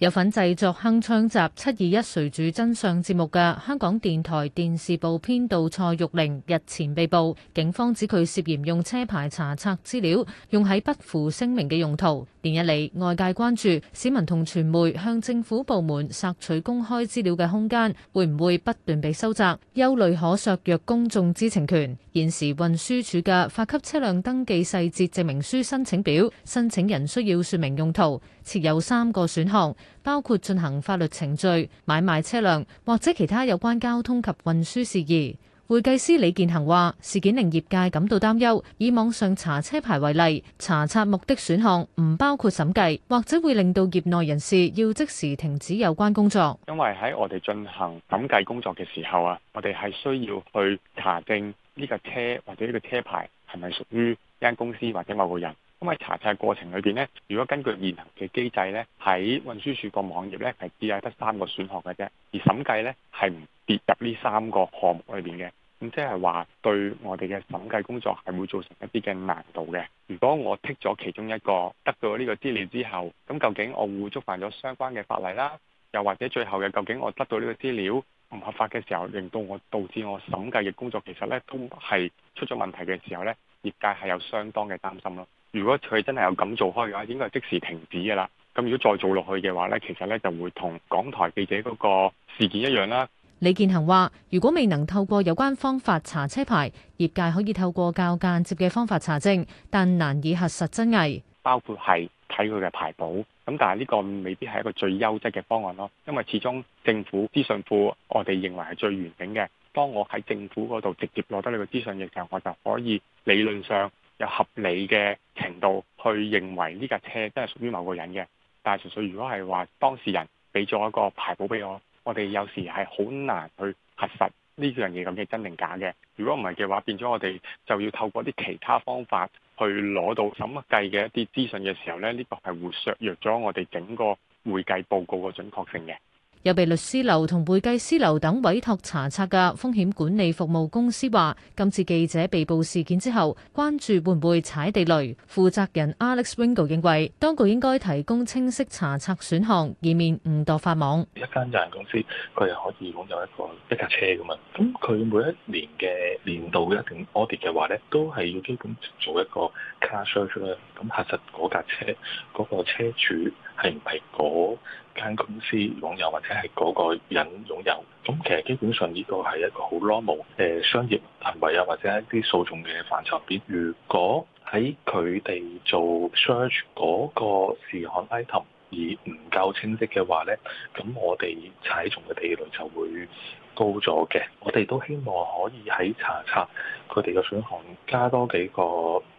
有份製作《鏗鏘集》七二一誰主真相節目嘅香港電台電視部編導蔡玉玲日前被捕，警方指佢涉嫌用車牌查冊資料，用喺不符聲明嘅用途。連日嚟，外界關注市民同傳媒向政府部門索取公開資料嘅空間，會唔會不斷被收窄，憂慮可削弱公眾知情權。現時運輸署嘅發給車輛登記細節證明書申請表，申請人需要說明用途，設有三個選項，包括進行法律程序、買賣車輛或者其他有關交通及運輸事宜。會計師李健恒話：事件令業界感到擔憂。以網上查車牌為例，查冊目的選項唔包括審計，或者會令到業內人士要即時停止有關工作。因為喺我哋進行審計工作嘅時候啊，我哋係需要去查證呢個車或者呢個車牌係咪屬於一間公司或者某個人。咁喺查冊過程裏邊呢，如果根據現行嘅機制呢，喺運輸署個網頁呢係只係得三個選項嘅啫，而審計呢係唔跌入呢三個項目裏邊嘅。咁即係話對我哋嘅審計工作係會造成一啲嘅難度嘅。如果我剔咗其中一個，得到呢個資料之後，咁究竟我會觸犯咗相關嘅法例啦？又或者最後嘅，究竟我得到呢個資料唔合法嘅時候，令到我導致我審計嘅工作其實呢都係出咗問題嘅時候呢，業界係有相當嘅擔心咯。如果佢真係有咁做開嘅話，應該係即時停止㗎喇。咁如果再做落去嘅話呢，其實呢就會同港台記者嗰個事件一樣啦。李健恒話：如果未能透過有關方法查車牌，業界可以透過較間接嘅方法查證，但難以核實真偽。包括係睇佢嘅牌簿，咁但係呢個未必係一個最優質嘅方案咯。因為始終政府資訊庫，我哋認為係最完整嘅。當我喺政府嗰度直接攞得呢個資訊嘅時候，我就可以理論上有合理嘅程度去認為呢架車真係屬於某個人嘅。但係純粹如果係話當事人俾咗一個牌簿俾我。我哋有時係好難去核實呢樣嘢咁嘅真定假嘅。如果唔係嘅話，變咗我哋就要透過啲其他方法去攞到審計嘅一啲資訊嘅時候咧，呢個係會削弱咗我哋整個會計報告個準確性嘅。有被律師樓同會計師樓等委託查冊嘅風險管理服務公司話，今次記者被捕事件之後，關注會唔會踩地雷。負責人 Alex Wingo 認為，當局應該提供清晰查冊選項，以免誤墮法網。一間有限公司佢又可以擁有一個一架車㗎嘛，咁佢每一年嘅年度一定 audit 嘅話咧，都係要基本做一個 car search 咁核實嗰架車嗰、嗰個車主係唔係嗰間公司擁有或者係嗰個人擁有，咁其實基本上呢個係一個好 normal 嘅商業行為啊，或者一啲訴訟嘅範疇入邊，如果喺佢哋做 search 嗰個事項 item。而唔夠清晰嘅話，呢咁我哋踩重嘅比率就會高咗嘅。我哋都希望可以喺查冊佢哋嘅選項加多幾個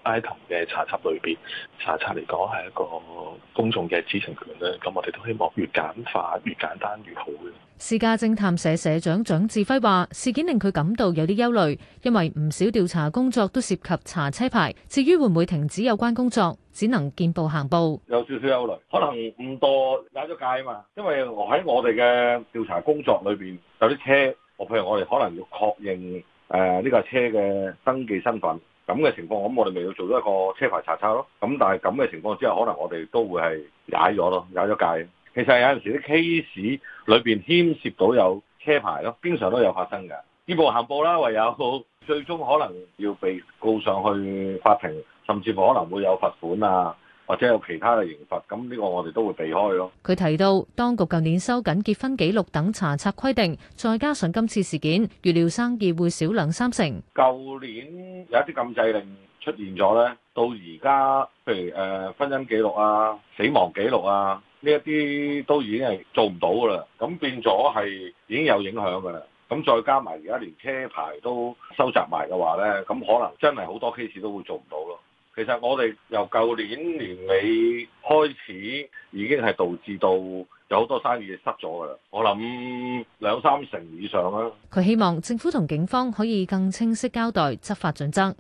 item 嘅，查冊裏邊查冊嚟講，係一個公眾嘅知情權啦。咁我哋都希望越簡化越簡單越好嘅。私家偵探社社長蔣志輝話事件令佢感到有啲憂慮，因為唔少調查工作都涉及查車牌。至於會唔會停止有關工作？只能見步行步，有少少憂慮，可能唔多踩咗界啊嘛。因為我喺我哋嘅調查工作裏邊，有啲車，我譬如我哋可能要確認誒呢架車嘅登記身份咁嘅情況，咁我哋咪要做咗一個車牌查冊咯。咁但係咁嘅情況之下，可能我哋都會係踩咗咯，踩咗界。其實有陣時啲 case 裏邊牽涉到有車牌咯，經常都有發生嘅，見步行步啦，唯有。最終可能要被告上去法庭，甚至乎可能會有罰款啊，或者有其他嘅刑罰。咁呢個我哋都會避開咯。佢提到當局舊年收緊結婚記錄等查冊規定，再加上今次事件，預料生意會少兩三成。舊年有一啲禁制令出現咗咧，到而家，譬如誒、呃、婚姻記錄啊、死亡記錄啊呢一啲都已經係做唔到噶啦，咁變咗係已經有影響噶啦。咁再加埋而家連車牌都收集埋嘅話咧，咁可能真係好多 case 都會做唔到咯。其實我哋由舊年年尾開始，已經係導致到有好多生意失咗噶啦。我諗兩三成以上啦。佢希望政府同警方可以更清晰交代執法準則。